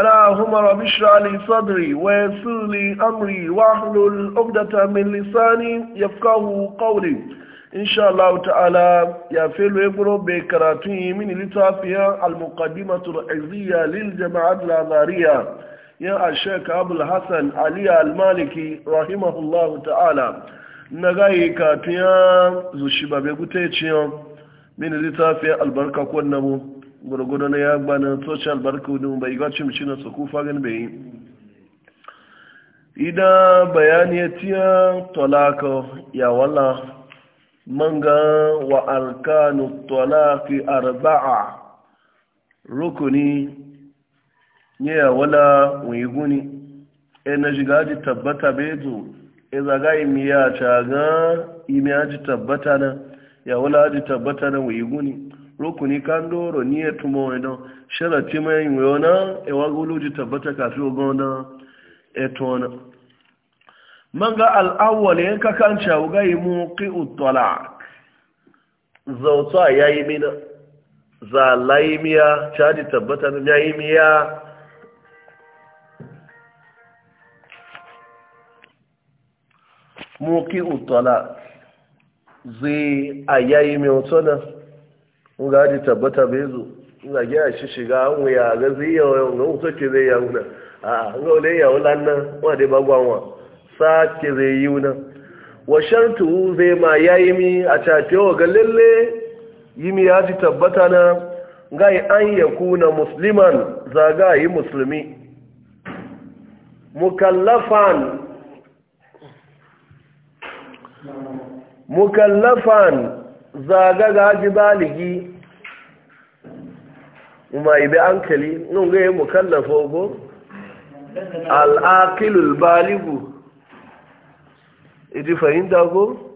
اللهم رب اشرح لي صدري ويسر لي امري واحلل عقدة من لساني يفقهوا قولي ان شاء الله تعالى يا فيلو يقرو بكراتي من لتافيا المقدمة العزية للجماعة الأزهرية يا الشيخ أبو الحسن علي المالكي رحمه الله تعالى نغاي كاتيا زوشي بابي بيغوتيتشيا من لتافيا البركة كونمو gwargwado na ya gbana social barkudu bai ga cimci na su kufa gan bai ida bayani ya tiya talaka ya wala manga wa arkanu talaki arba'a rukuni ya wala guni ina e shiga ji tabbata bezu iza e ga imiya caga imiya ji tabbata na ya wala ji tabbata na guni. rukuni kan doro ni ya tumo wani sharati mai yin wani ewa guluji tabbata kafi ogona na eto wani man ga al'awwal yan kakan cawo ga yi muki utola zauta ya yi mina za laimiya caji tabbata ya yi miya muki utola zai a yayi mai otona in ga ji tabbata bai zo in ga shi shiga an wuya ga zai yawa yau ga mutu ke zai yawo a ga wale yawo lan nan wa dai ba gwanwa sa ke zai yi wuna wa shartu zai ma ya yi mi a cafe wa ga lalle yi mi ya ji tabbata na ga yi an ya kuna musliman zaga yi musulmi mukallafan mukallafan zaga ji baligi ma ibe ankali nun ga yi mukallafo go, al'aqilul baligu idi fahimta go,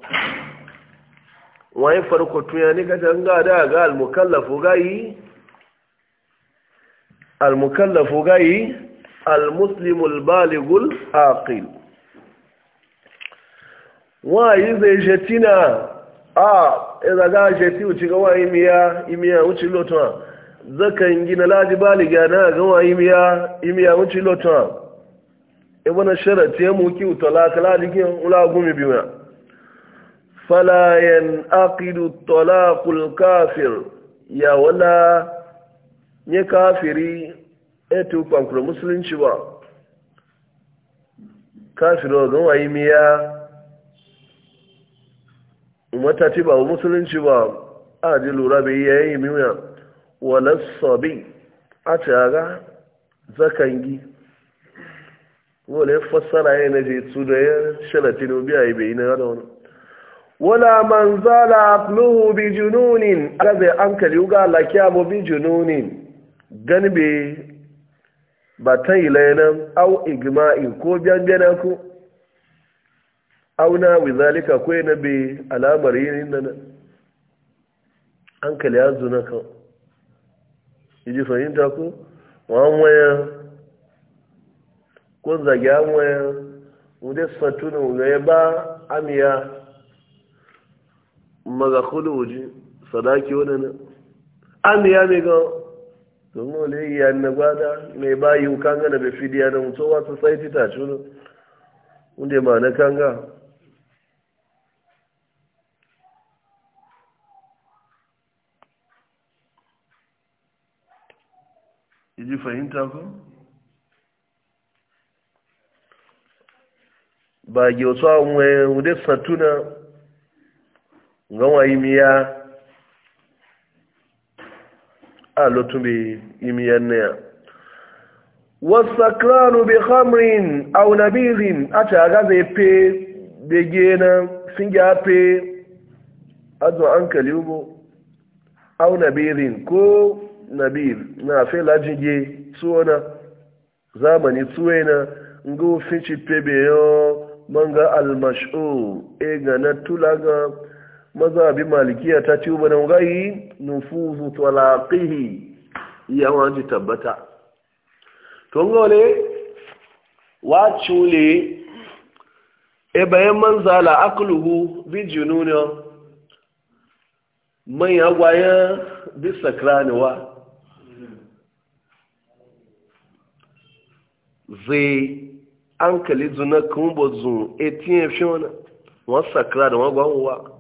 wani farko tuya ne kata ga da ga al mukallafu gayi al mukallafu gayi al-muslimul baligul aqil wa yi zai shatina a ah, za ga ti uci ga wa imiya imiya uci lotwa zakan gina laji bali ga na ga wa imiya imiya uci lotwa e bana sharati ya muki utola kala dikin ula gumi biya fala aqidu talaqul kafir ya wala ne kafiri etu kwankura musulunci ba kafiro ga wa imiya mata ce ba musulunci ba a ji lura bai yi yayi miya wala sabi a ga zakangi wale fassara ya na jetsu su da ya shalatin biya yi bai na yada wani wala man zala afluhu bi jununin zai an kari uga lakiya bo bi jununin gani ba ta yi layanan au igma'in ko biyan biyanan ku auna zalika ko na bi alamar yin nan hankali ya na kan iji fahimta ku wa'an waya ko zage an waya wude satuna ga ya ba amiya magakulu kudu wuji sadaki wani na amiya mai ga domin wale yi yan na gwada mai ba yi kanga na bai fidiya na mutuwa society ta cunan wunde ma na kanga iji fahimta ko ba gyotsa mwe wude satuna wa imiya a ah, lotumbe imiya nea wasakranu bi khamrin aw nabidhin ata gaze pe begena singa pe azu ankali ubo aw nabidhin ko nabil na fe lajin ye zamani tsuwena ngo finci pebe yo manga almash'u e ga na tulaga maza bi malikiya ta ci ubana ngai nufuzu talaqihi ya wanji tabbata to ngole wa chule e bayan manzala akluhu bi jununa man ya gwaya bi sakranuwa zai an kali zuna kumbo zun etiyen fiona wọn sakra da wọn gwanwa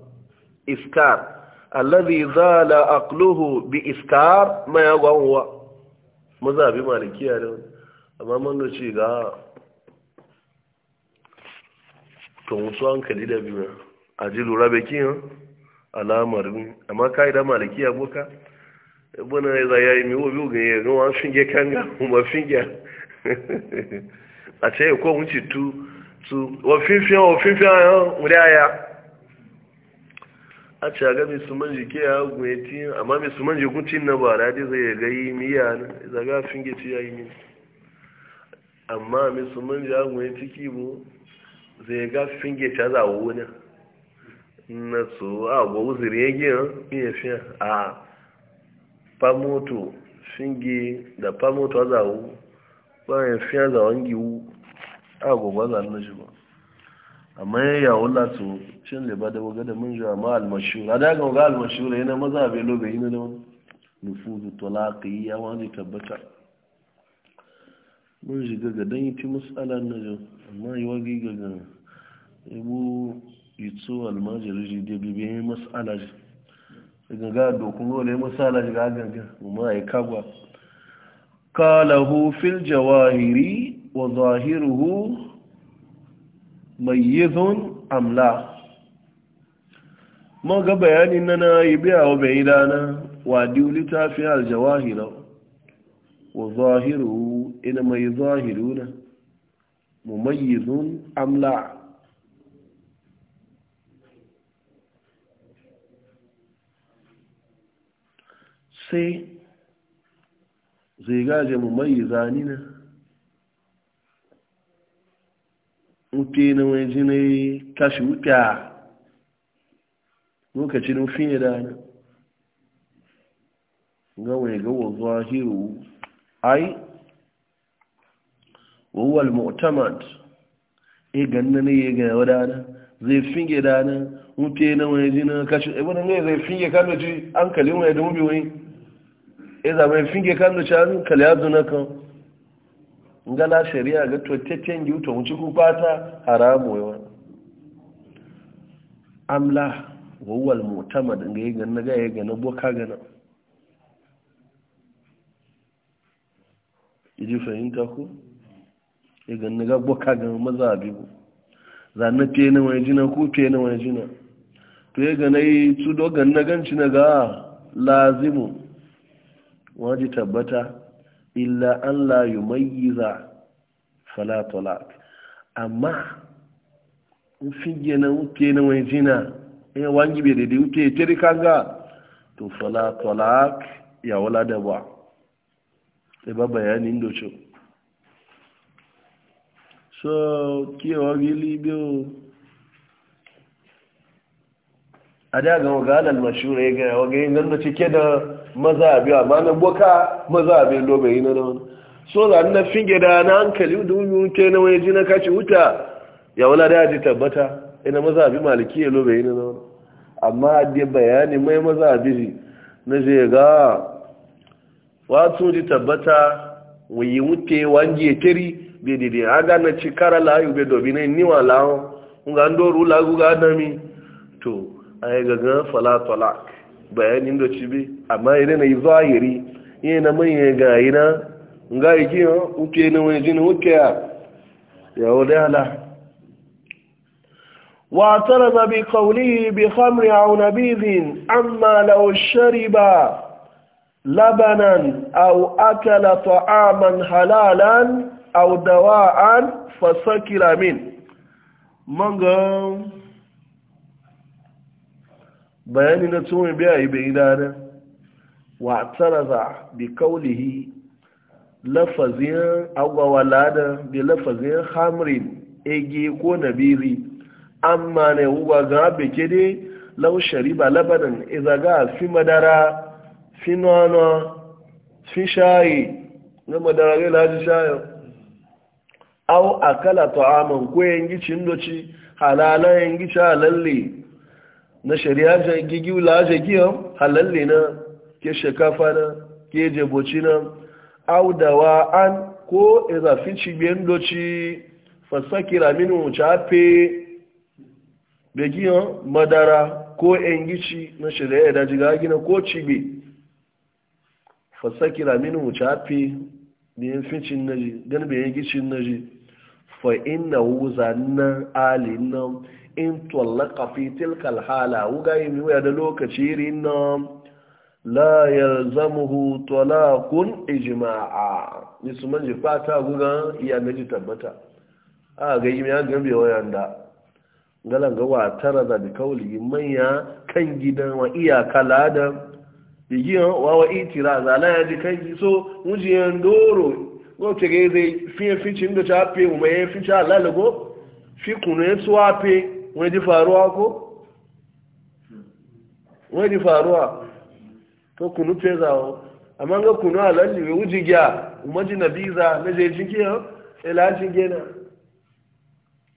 iskar allazi zala aqluhu bi iskar ma ya gwanwa mazabi malikiya wani amma man da ce ga to musu an kali da biyu a ji lura bai kiyan alamarin amma ka idan da malikiya boka ibana ya yi miwo biyu ga yi ga wani shinge kanga kuma shinge àti ẹ̀kọ́ òun ti tú tú ọ̀fífíàn ọ̀fífíàn ayọ́ orí aya a ce ga musulmanci ke ya gwe ti amma musulmanci kun cin na ba da zai ga yi miya na zaga finge ci ya yi min amma musulmanci ya gwe ti kibo zai ga finge ci za wo ne na so a go uzuri yake mi ya fiya a pamoto finge da pamoto za wo bayan fiye da wangi wu a gobe za na shi ba amma ya yawo latu cin ba da waga da mun jiwa ma almashura da ga ga almashura yana maza bai lobe yi na nufuzu talaqi ya wani tabbata mun shiga gaga don yi fi ala na jo amma yi wagi gaga ga ibu tso almajiri shi da bibi yi mas'ala shi ga ga dokun gole mas'ala ala shi ga gaga, kuma a yi kagwa قاله في الجواهر وظاهره ميز أم لا ما بيان إننا يبيع وبعيدانا وعديو لتافي الجواهر وظاهره إنما يظاهرون مميز أم لا sai zai gaje mu mai zani na nke na wani ji na yi kashi wuta lokacin fiye da na ga wani gawa zuwa hiru ai wawal mu'tamad e ganna ne ya ga wadana zai finge dana mutane na wani ji na kashi ebe na zai finge kan ji an kalin wani da wani e zama finge kan da can kalyazu na kan shari'a ga tottacen yi wuta wuce kuka ta haramu yawa amla wawal mutamad ga yi gana ga yi gana boka gana iji fahimta ku ya gana ga boka gana maza abibu zanen fiye na wani jina ku fiye na wani jina to ya gana yi su gana na ganci na ga lazimu ji tabbata illa an la yumayyiza fala talaq amma in fige na wuke na wai jina e wangi be dede wuke tiri kanga to fala talaq ya wala da ba sai e ba bayanin cho so kiwa gili biyo a da ga waga alal mashura ya e ga waga yin ganda cike da maza abi amma na boka maza abi lobe yi na da wani so da na finge da na hankali da ke na wani ji na kaci wuta ya wala da ji tabbata ina maza bi maliki ya lobe yi na da wani amma da bayani mai maza abi na je ga wato ji tabbata wuyi wuce wange tiri bai daidai haga na kara layu bai na niwa lawon ga an doru lagu ga adami to a yi gaggan falatolak bayanin da ci bi amma yana na yi zahiri yana manya ga na, ga yake yi uke na wani jini uke ya yawo da ala wa tara ma bi kauli bi hamri a wani bizin amma laushari ba labanan au akala ta'aman halalan au an fasakiramin mangan bayani na tsohon biya yi bai dana wa tsaraza bi kaulihi lafazin agwawala da bi lafazin hamrin ege ko nabiri amma ne wuwa ga beke dai laushari ba labanin izaga fi madara fi nana fi shayi na madara gai laji shayo au akala ta'aman ko yangi cindoci halalan yangi halalle na shari'a ja gigi la ja giyam halalle na ke shekafa na ke jeboci na audawa an ko izafin cibiyan doci fasakira minu be giyan madara ko engici na shari'a daji ga gina ko cibi fasakira minu chape biyan fincin naji gan biyan gicin naji fa'in na wuzan nan alin nan in tallaka fi tilka alhala wuga yi da lokaci rinna la yalzamuhu talaqun ijma'a musulman ji fata guga iya naji tabbata a ga yi ya gambe wayanda galan ga wa tara da bi kauli manya kan gidan wa iya kala da bigi wa wa itira za la ya ji kan so mujiyan doro go tege zai fiye cin da ta fe mu mai fice lalago fi kunu ya wani ji faruwa ko? wani ji faruwa to kunu fezawo amma ga kunu halalli mai wuji gya umarji na biza na je jinki ya e ilajin gena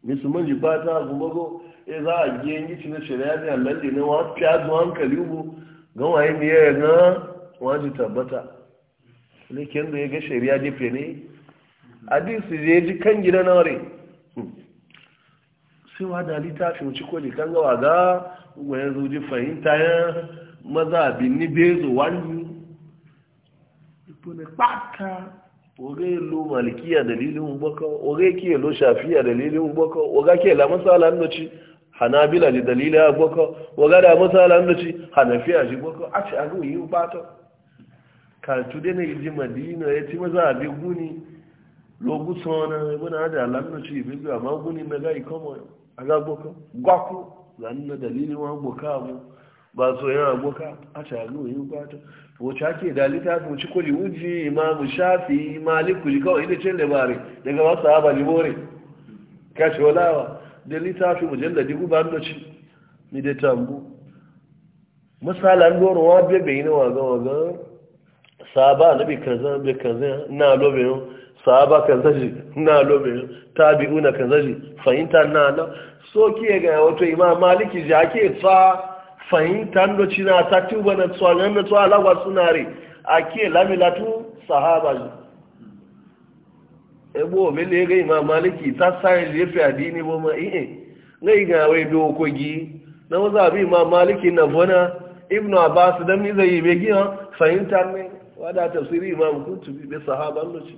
musulman ji ba ta gumago e za a giye yi ci na shari'a ne halalli ne wa fiya zuwa hankali ubu ga waye ne ya ga waji tabbata ne kyan da ya ga shari'a jefe ne hadisi je ji kan gida na ware sai wa da fi wuce ko likan gawa ga wani zuji fahimta ya maza bin ni bezo wani ipone ne pata oge lo malikiya dalilin baka oge ke lo shafiya dalilin baka oga ke la masala no ci hanabila ji a baka oga da masala no ci hanafiya ji baka a ci agu yi pata ka tude ne ji madina ya ci maza bi guni lo gusona ibn na lan no amma guni ga maguni mega ikomo agagboko gwaku na nna dalilin wa gboka abu ba so ya gboka a shagaru yi gwata wacce ake dalita su ci kuli uji imamu shafi maliku ji kawai ina cin labari daga wasu sahaba libore kashe walawa da littafi mujalladi guba da ci ni da tambu misalan goro wa bebe ina waga waga sahaba na bi kaza bi kaza na lobe sahaba kan zaji na lobe una kan zaji fahimta na na so kiye ga wato imam maliki ji ake fa fahimta ndo cina ta tuba na tsanan na tsala wa sunare ake lamilatu sahaba ji ebo mele ga imam maliki ta sayan jefe fi adini bo ma eh, eh. ngai ga wai dokogi na waza bi imam maliki na bona ibnu abbas dan ni zai begi fahimta ne wada tafsiri imam kutubi be sahaban lokaci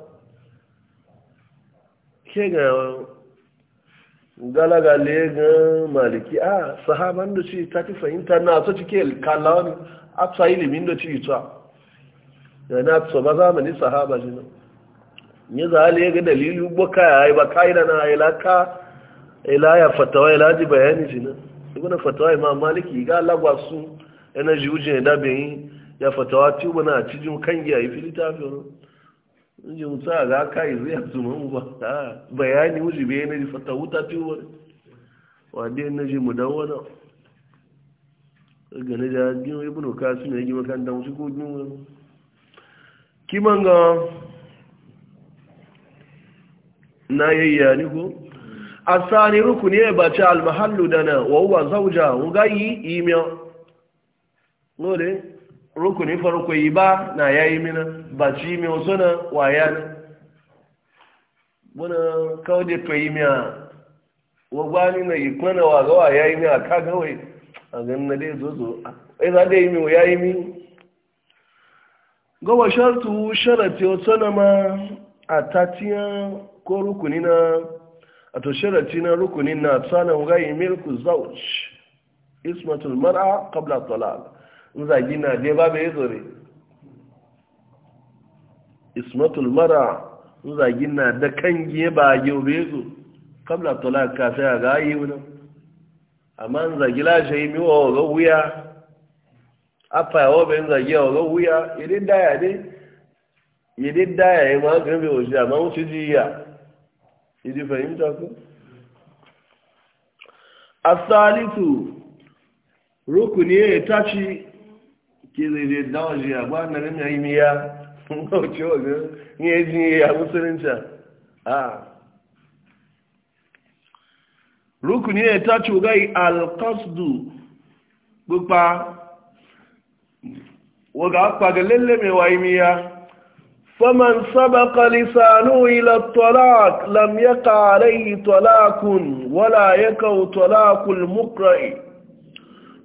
ke ga galaga lega maliki ah sahaban da ci ta fi fahimta na so cike kallon afsa ilimin da ci ta yana so ba zamani sahaba shi ne ya za lega dalilu ba kaya ai ba kai da na ilaka ilaya fatawa ji bayani shi ne ibn fatawa imam maliki ga lagwa su yana jiwuje da bin ya fatawa tubu na cijin kangi ayi yi fi ji musa a ga yi zai zuma mu ba bayani wuji bai na ji fata wuta fi wani dai na ji mu dawo na gane da gino ibn su ne yake makanta wasu ko gino wani kiman ga na yayya ni ko ruku rukuni ba ci almahallu dana wa uwa zauja wa gayi imiya ngode rukunin farko yi ba na ya yi mina ba ci mi wasu na waya na muna kawo da to yi mi a wagwani na ikmana waga wa ya yi mi a kagawai a ganin na dai zozo a za da yi mi ya yi mi gawa shartu sharati wasu na ma a tatiyan ko rukuni na a to sharati na rukunin na tsanan gayi milku zauj ismatul mar'a kabla talaq nzagi na je ba bai zore ismatul mara nzagi na da kan giye ba yau bai zo kamla talaka sai a ga yi wani amma nzagi lashe yi miwa ga wuya a yawo bai nzagi yawo ga wuya idan daya ne idan daya ya ma gan bai amma wuce ji ya idi fahimta ko asalitu rukuni ya tashi ke zai je dawa je miya ya ji ya musulunta a rukuni ne ta cugai alkasdu gupa waga akpa ga lalle mai wayi miya فمن سبق لسانه إلى الطلاق لم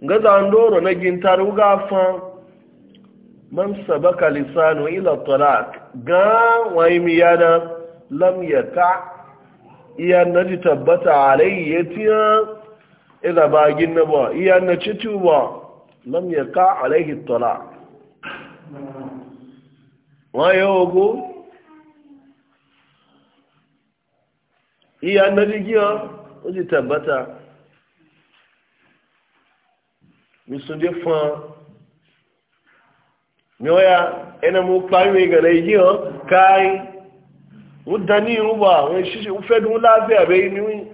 Nga zan doro na gintar man sabaka lisanu ila talaq ga wai mi yana lam yata iya naji tabbata alai yatiya ila bagin na ba iya na ci ba lam yaka alaihi talaq wayo go iya na naji giya naji tabbata mi sun je fun mioya ene mu kpami ga na yi ho kai udani ruwa we shishi ufedu la ze abe ni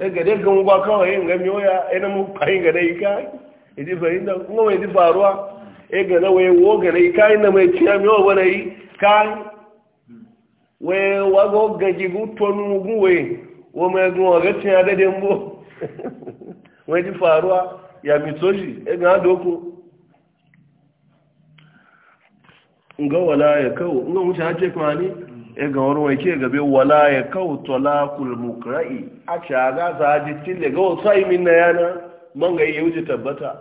e gede gun gwa ka he nga mioya ene mu kpami ga na yi kai idi fa inda ngo idi faruwa e ga na we wo ga na yi kai na mai tiya mioya wa na yi kai we wa go gaji gu tonu gu we wo me gun o ga tiya de de mbo we di faruwa ya mitoji e ga doku ga wala ya kawo nga wuce hajje kuma ne e ga wani wai ke gabe wala ya kawo talakul mukra'i a shaga sa haji tille ga wasu aimin na yana man ga iya wuce tabbata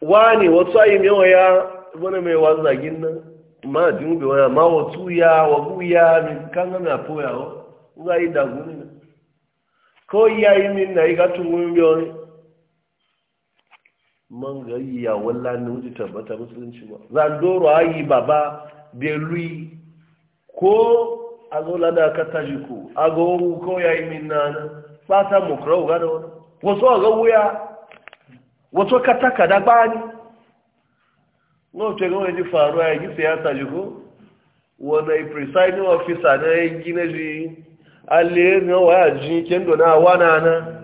wani wasu min yawa ya wani mai wanzagin nan ma jin bi wani ma wasu ya wagu ya mi kan ga na foya wa nga yi daguni na ko ya yi min na yi gatun wani biyo man gayi ya walla ne wuce tabbata musulunci ba zandoro ayi baba belui ko a zo lada ka taji ku a ga wani ko ya yi fata mukurau ga da wani wasu a ga wuya wasu kataka da gbani na oce ga faru ya yi siyasa ji ko wani presiding officer na yi gina ji alle na waya ji kendo na wana na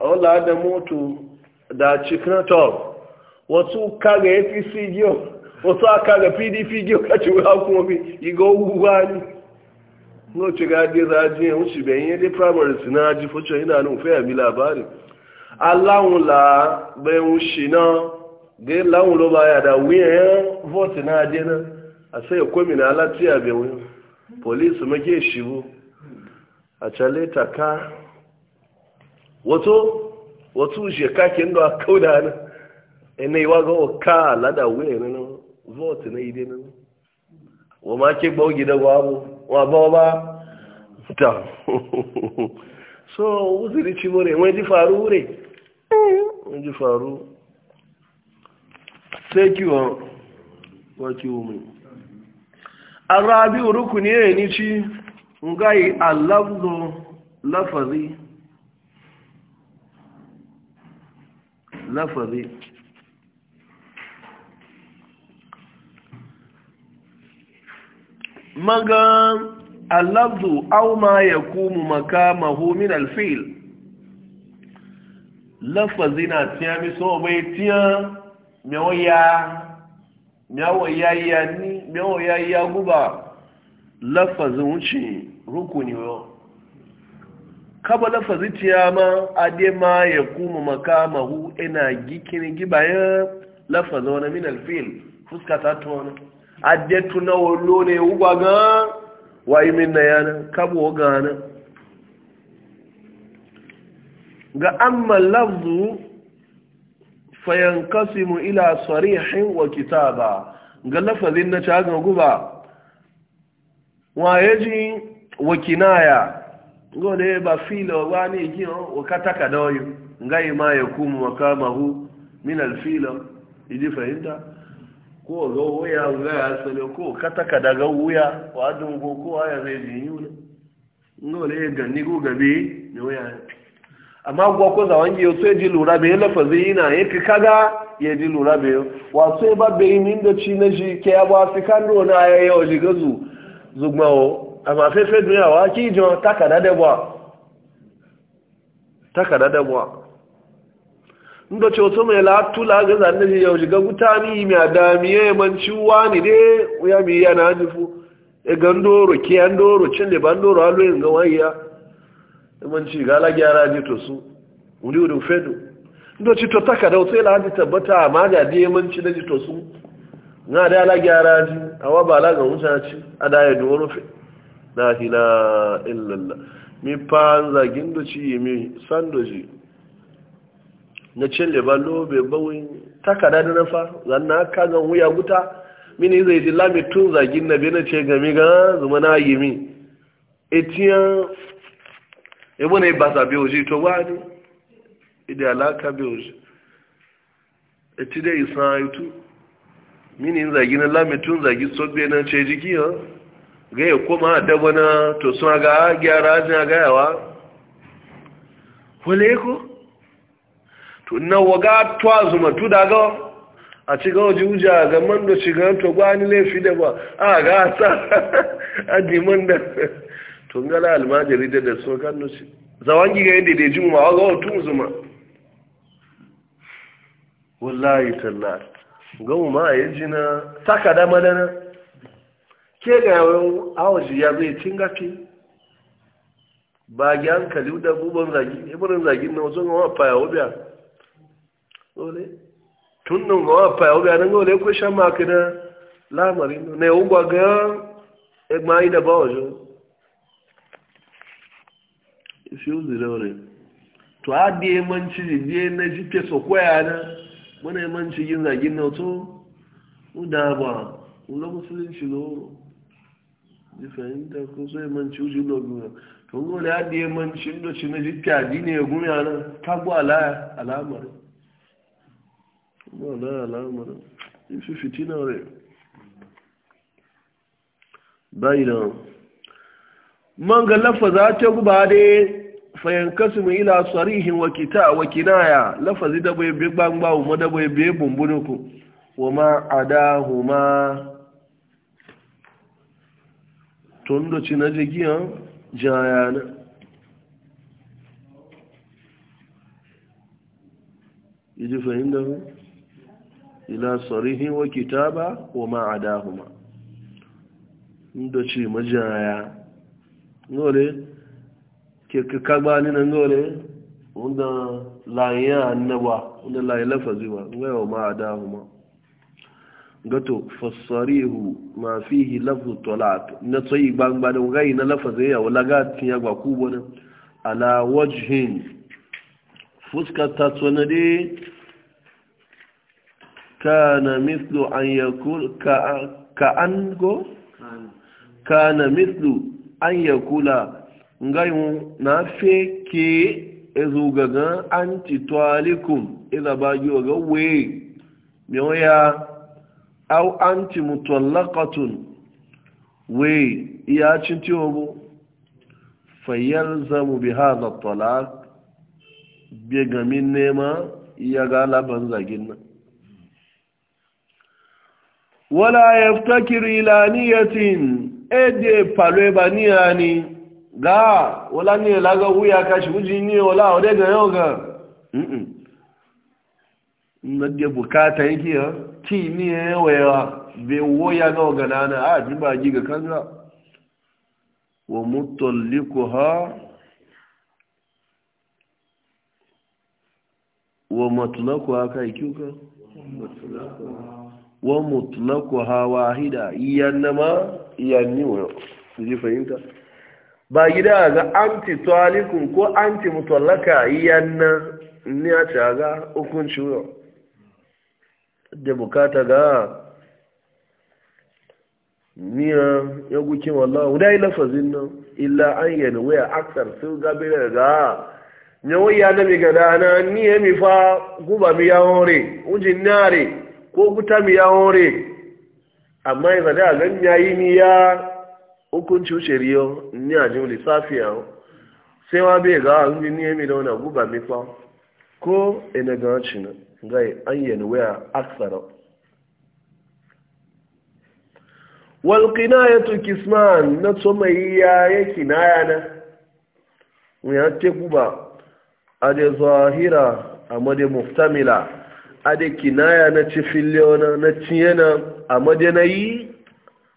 ọla da moto da cikin top wasu kaga apc giyo wasu aka ga pdp giyo kaci wuya kuma bi iga ugwa ni no ci ga dai zaji ya wuce bayan ya dai primary suna ji fuce ina nan fa ya mi labari allahun la bayan wuce na ga lahun lo ba ya da wuya vote na je na a sai komi na latiya be wuya police make shibu a chale taka wato wasu shekake ndo a kauda na ina iwa ga ka lada wuye na nan vote na ide nan wa ma ke gbau gida gwabo wa ba ba ta so uzuri ci more wani ji faru wure wani ji faru sai kiwon wa kiwo mai arabi rukuni ne ni ci ngai allabdo lafazi lafazi maga alabdu au ma ya kumu makamahu min alfil lafazi na tiya mi so bai tiya miyawoya miyawoya ya ni miyawoya ya guba lafazin wuce rukuni yau kabala fazitiya ma ade ma ya kuma makamahu ina gikin gibayen lafaza wani min alfil fuska ta tona. ade tuna wallo ne ugwa ga wayi min na yana kabo na ga amma lafzu fayankasimu ila sarihin wa kitaba ga lafazin na cagan guba waye yaji wa kinaya gole ba filo wani jiyo wakataka doyo ngai ma yakumu makamahu min alfilo idi fahimta ko ga wuya ga asali ko kataka daga wuya wa dungo ko aya zai jinyu ngole gole ga nigo gabe ne wuya amma gwa ko za wangi yo sai ji lura be lafazi ina yake kaga ya ji lura be wa sai ba be min da ci na ji ke ba fi kan do na ayo ji gazu zugmawo amma fẹ́fẹ́ dúnyàwó kí ìjọ takàdádẹ́bọ̀ takàdádẹ́bọ̀ ndoce otu mai latu lagaza na ji yau shiga gutani mai adamiye yamanci wani dai ya mai yana jifu e gandoro ke yan doro cin da ban doro haloyin ga wayya yamanci ga ala gyara to su wuri wuri tabbata a maga da ji to su ala gyara ga mutane a da la ila illallah mi panza gindo ci mi sandoji na celle ba lobe bawin takada da nafa zanna ka ga wuya guta mini zai ji lami tun zagin na bi na ce game ga zuma na yi mi etiyan ebo ne basa bi oji to wa ni ide e alaka bi oji eti dai san yutu e mini zagin na lami tun zagi so bi na ce jiki ha ga ya koma da wani to suna ga gyara jina gayawa wale ko to na waga tuwa zuma tu da ga a ci ga waje wuja ga man da ci ga to gwani laifi da ba a ga sa a man da to ngala almajiri da da so kan nusi zawangi ga yadda da ji mu mawa ga tun zuma wallahi tallar ga mu ma yaji na saka da madana ke ga yawon ya zai cin gafi ba gi hankali da buban zagi ibirin zagin na wasu gawa faya wabiya dole tun nan gawa faya wabiya nan ko shan maka na lamarin na yawon ya egma yi da ba isi uzi da to a di emanci je na ya so kwaya na mana emanci yin zagin na ji fahimta ko so ya manci uji lo guna to ngole ya diye manci ndo ci na jikka dine ya guna na kago ala al'amarin. ko ala alamar ifi fitina re bayina man ga lafaza ta guba dai fayankasu mu ila sarihin wakita a wakina ya lafazi da bai bi gbangba wa da bai bi bumbunuku wa ma huma tun da ci na jigiyan jayana iji fahimta mu ila sarihin wa kitaba wa ma'adahuma da ci majaya ngole ke kakagba ni na ndan wanda layin annaba wanda layin lafazi ba ngole wa ma. gato fassarihu ma fi hilafu talaq na tsayi gbangba da gai na lafazin ya wala ga tinya gwa kubo na ala wajhin fuska ta tsona de kana mithlu an yakul ka ka an go an na fe ke ezu gaga anti talikum idza ba yo ga we mi au anti mutallaqatun we ya cin tiwo mu fayalzamu bi hadha talaq bi gamin nema ya ga laban zagin nan wala yaftakir ila niyatin ede palwe baniya ga wala ni la ga wuya ka shi uji ni wala ode ga yoga mm na de bukata yake ha ki ni yawa e be woya ga ganana a ji ba gi ga kanga wa mutallikuha wa matlakuha kai kyuka wa wahida iyannama iyanni wa ji fahimta ba gida ga anti talikun ko anti mutallaka iyanna ni a caga hukunci wa da bukata ga niya ya gukin wallah da yi lafazin nan illa an yana waya aksar sun gabirar ga yawon ya na miga dana ni ya mi fa guba mi yawon re ujin nare ko guta mi yawon re amma ya zada gan yayi ni ya hukunci shari'o ni a jin lissafi yawon sai wa bai ga ujin ni mi da wani guba mi fa ko ina ga cinan gai an waya aksara walƙinayatu kisman na tsomayi ya yi kinaya na ya ku ba a da zahira a made muftamila a da kinaya na ci cifiliyona na ciyena a made na yi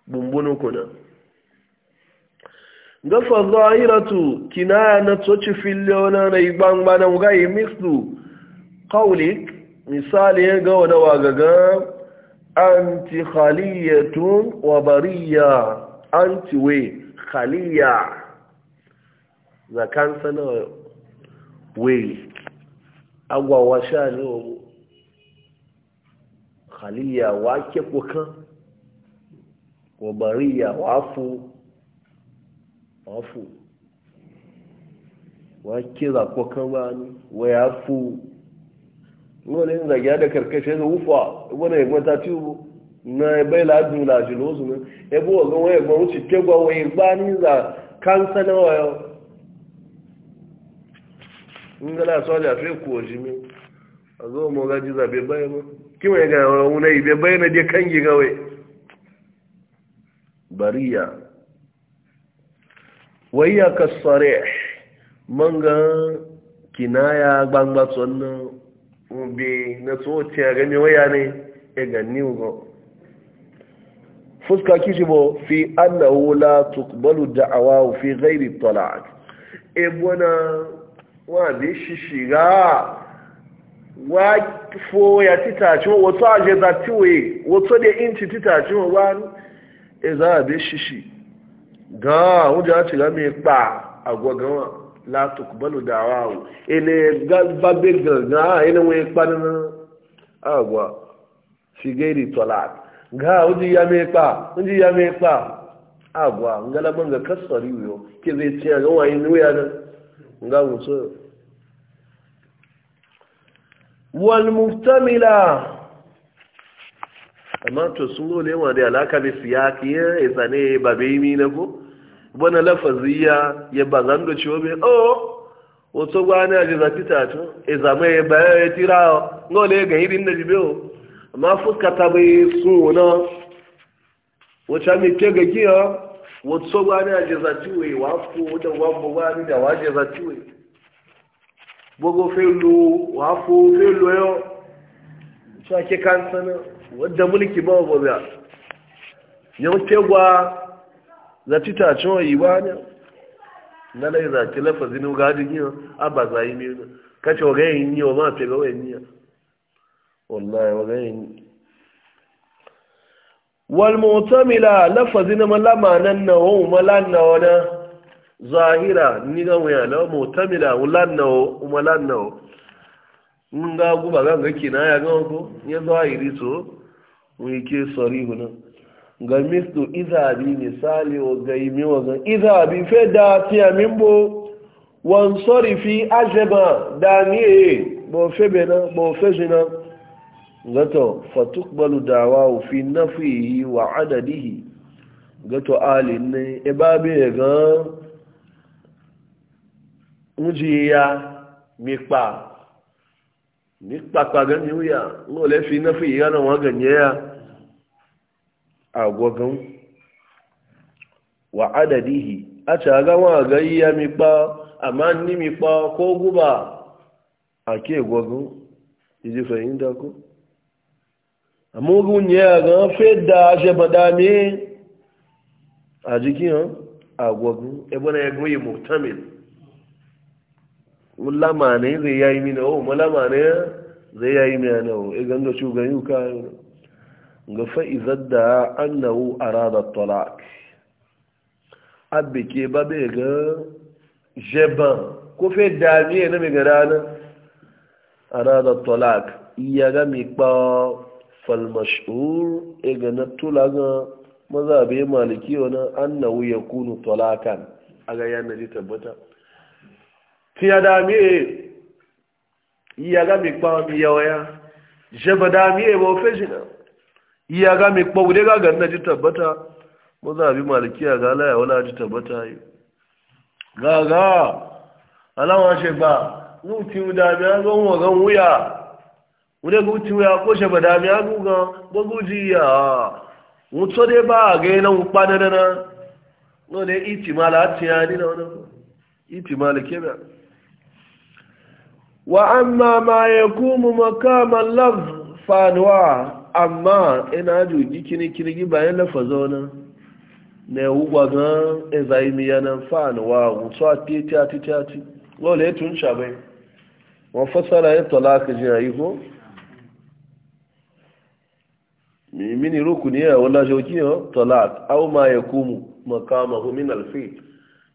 bumbunu kuna gafa zahiratu kinaya na tso cifiliyona na yi na wuga yi mislu kawulik misali ya ga wani wagaga anti khaliyatun wa bariya anti we khaliya zakan sana we agwawa sha ne wa khaliya wake kukan wa bariya wafu wafu wake zakokan ba ni wa afu wani yin zagiya da karkashe ga wufa wani ya gwata tubu na ya bai ladu la jilo su ne ya bu wa gan waya gwan wuce tegwa waya ba ni za kan sana wa yau in gana so da fe ko jimi a zo mu ga ji zabe bai ma kima ya ga wani yi bai bai na dai kan gi ga wai bariya wayya kasare manga kinaya gbangbatsu wannan bi na tsoci a gami waya ne ya ganni ga fuska kishi bo fi annahu la tuqbalu da'awa fi ghairi talaq e bona wa bi shishiga wa fo ya titaci wato aje za tiwe wato de inci titaci wa e za bi shishi ga wuja ci ga me pa agwa gawa la tukbalu da'wahu ele galba be gaga ele we panana agwa sigeri tolat ga uji ya me pa uji ya me pa agwa ngala banga kasari yo ke zai tiya ga wani ne ya da nga muso wal muftamila amma to sun gole wa da alaka bi siyaki ya eh, isane babe mi na ko Bona lafazi ya ya bazando chobe oh wato gwana aje za to e zama ya bayo ya tira ngole ga irin da jibeo amma fuska ta bai su na wacce mai ke ga giya wato gwani aje za tiwe wa ko da wambo gwani da waje za tiwe bogo felu wa ko felu yo cha ke kansana wadda mulki ba ba yau ke gwa zati ta cewa yi ba ne na lai zaki lafazin gadin yi a ba za yi Ka ce wa gayin yi wa ma fi ga wayan yi wallahi wa gayin yi wal mutamila ma malama nan na wa malan na na zahira ni ga waya la mutamila ulan na umalan na mun ga guba ga ga kinaya ga ko ya zahiri so mun yake sori gunan ga mistu izabi misali wa gaimi wa izabi fe da tiya mimbo wan sorifi ajaba da niye bo fe bena bo fe jina gato fatukbalu dawawu fi nafihi wa adadihi gato alin ne e ba be ga mujiya mipa mipa pa ga niya ngo fi nafihi ga na wa ganye ya agwagan wa adadihi a ci agawa ga iya mikpa amma ni mikpa ko guba a ke gwagan iji fahimta ko amma ogun ya ga feda ashe badame a jikin agwagan ebe na egun yi tamil mulama ne zai yayi mina o mulama ne zai yayi mina o igan e da shugan yi ga fa'izar da annahu a ranar talak abike ba bai ga jeban ko fe damiye na mai gada na a ranar talak iya ga mai kpa falmashur e ga na tula ga maza bai maliki wani annahu ya kunu talakan a ga yana ji tabbata fiye damiye iya ga mai kpa miyawaya yawaya jeba damiye ba ofe jina iya ga mai kpawu dai gagan na ji tabbata bi malikiya ga laya wani ji tabbata yi gaga alawa she ba nuti da mi an gon wa gan wuya wure ga uti wuya ko she ba da mi an gon ba guji ya mutso dai ba ga na upa da na no ne iti mala ati ya ni na wannan iti malike ba wa amma ma yakumu maqama lafz fa amma ina juji kini kirgi bayan lafaza wani na yawu gwagon ezaimi yanan fa'anuwa mutu a titi a titi a titi lola ya tun shabe. wọn fasara ya talaka jin ayi ko mini roku ne ya wala shauki ne talak au ma ya kumu makama min alfi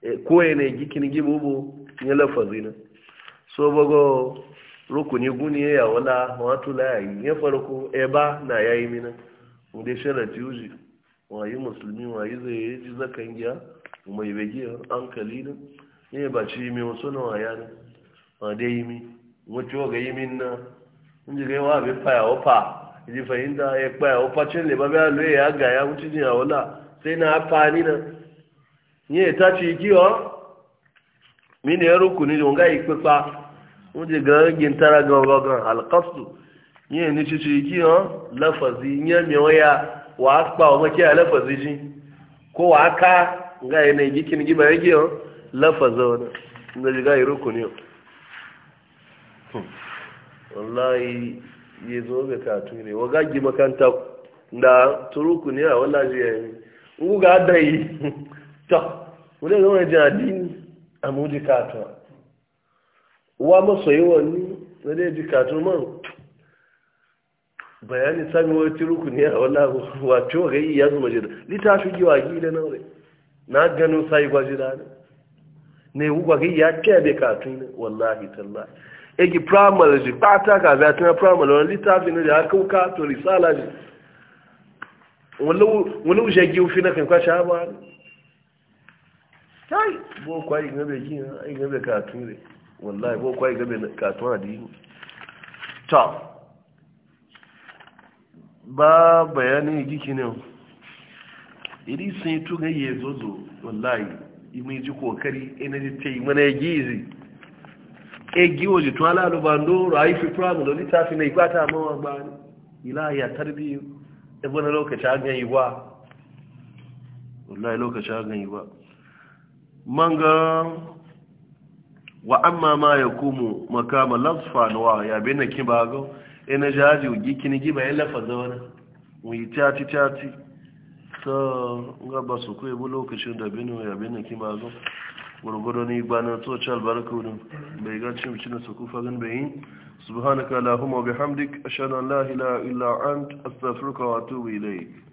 e, ko yi ne gikin gibubu ya lafazi na so bago rukuni guni ya wala watu layi ya farko eba na yayi mina wanda sharati uji wayi musulmi wayi zai ji zakan giya mai bege an kalina ne ba ci mi wasu na waya ne ma dai yi mi wacce ga yi min na in ji gaiwa bi faya opa ji fahimta ya kpaya opa cin ne ba biya loye ya ga ya mutu a wala sai na apa ni na ne ya ci kiyo mi ya rukuni da wanga ikpe pa wuje ga gintara ga wagan alqasdu ni ni ci ci ki ho lafazi yin mi waya wa akpa o maki lafazi ji ko wa aka ga yin gi kin gi ba yake ho lafazo wala ne ga iru ko ne wallahi ye zo ga katu ne wa ga ta makanta da turuku ne a wallahi ya yi ngu ga dai to wule ga a jadi amudi katuwa wa masoyiwa ni wani ya ji katon man bayani sami wani tiruku ne a wala wato ga yi ya zuma jida littafi giwa gida na wuri na ganin sai gwa jida ne ne wugwa ya kebe katun ne wallahi tallahi egi primary ji pata ka za ta primary wani littafi ne da ya kauka to risala ji wani ushe giwu na kan kwashe haɓa ne kai bo kwa yi gina yi gabe ne wallahi ko kwai gabe da yi ta ba bayanin ne iri sun yi tuga yi zozo wallahi imi ji kokari energy ta yi mana yagi izi egi waje tuwa ala alubando raifi pramu da littafi na ikwata mawa ba ilahi a tarbiyu ebe na lokaci a ganyi ba wallahi lokaci a ganyi ba manga. wa amma ma ya kumu makama lafan wa ya bena kibago ina e jaji ugi kini giba ya lafaza wani uyi tati tati so nga ba su kuwa bu lokacin da bena ya bena kibago gurgudu ni gbana tsoci albarka wani bai ga cin cin su kufa gan bayi subhanaka allahumma bihamdik hamdik an la illa ant astaghfiruka wa atubu ilayk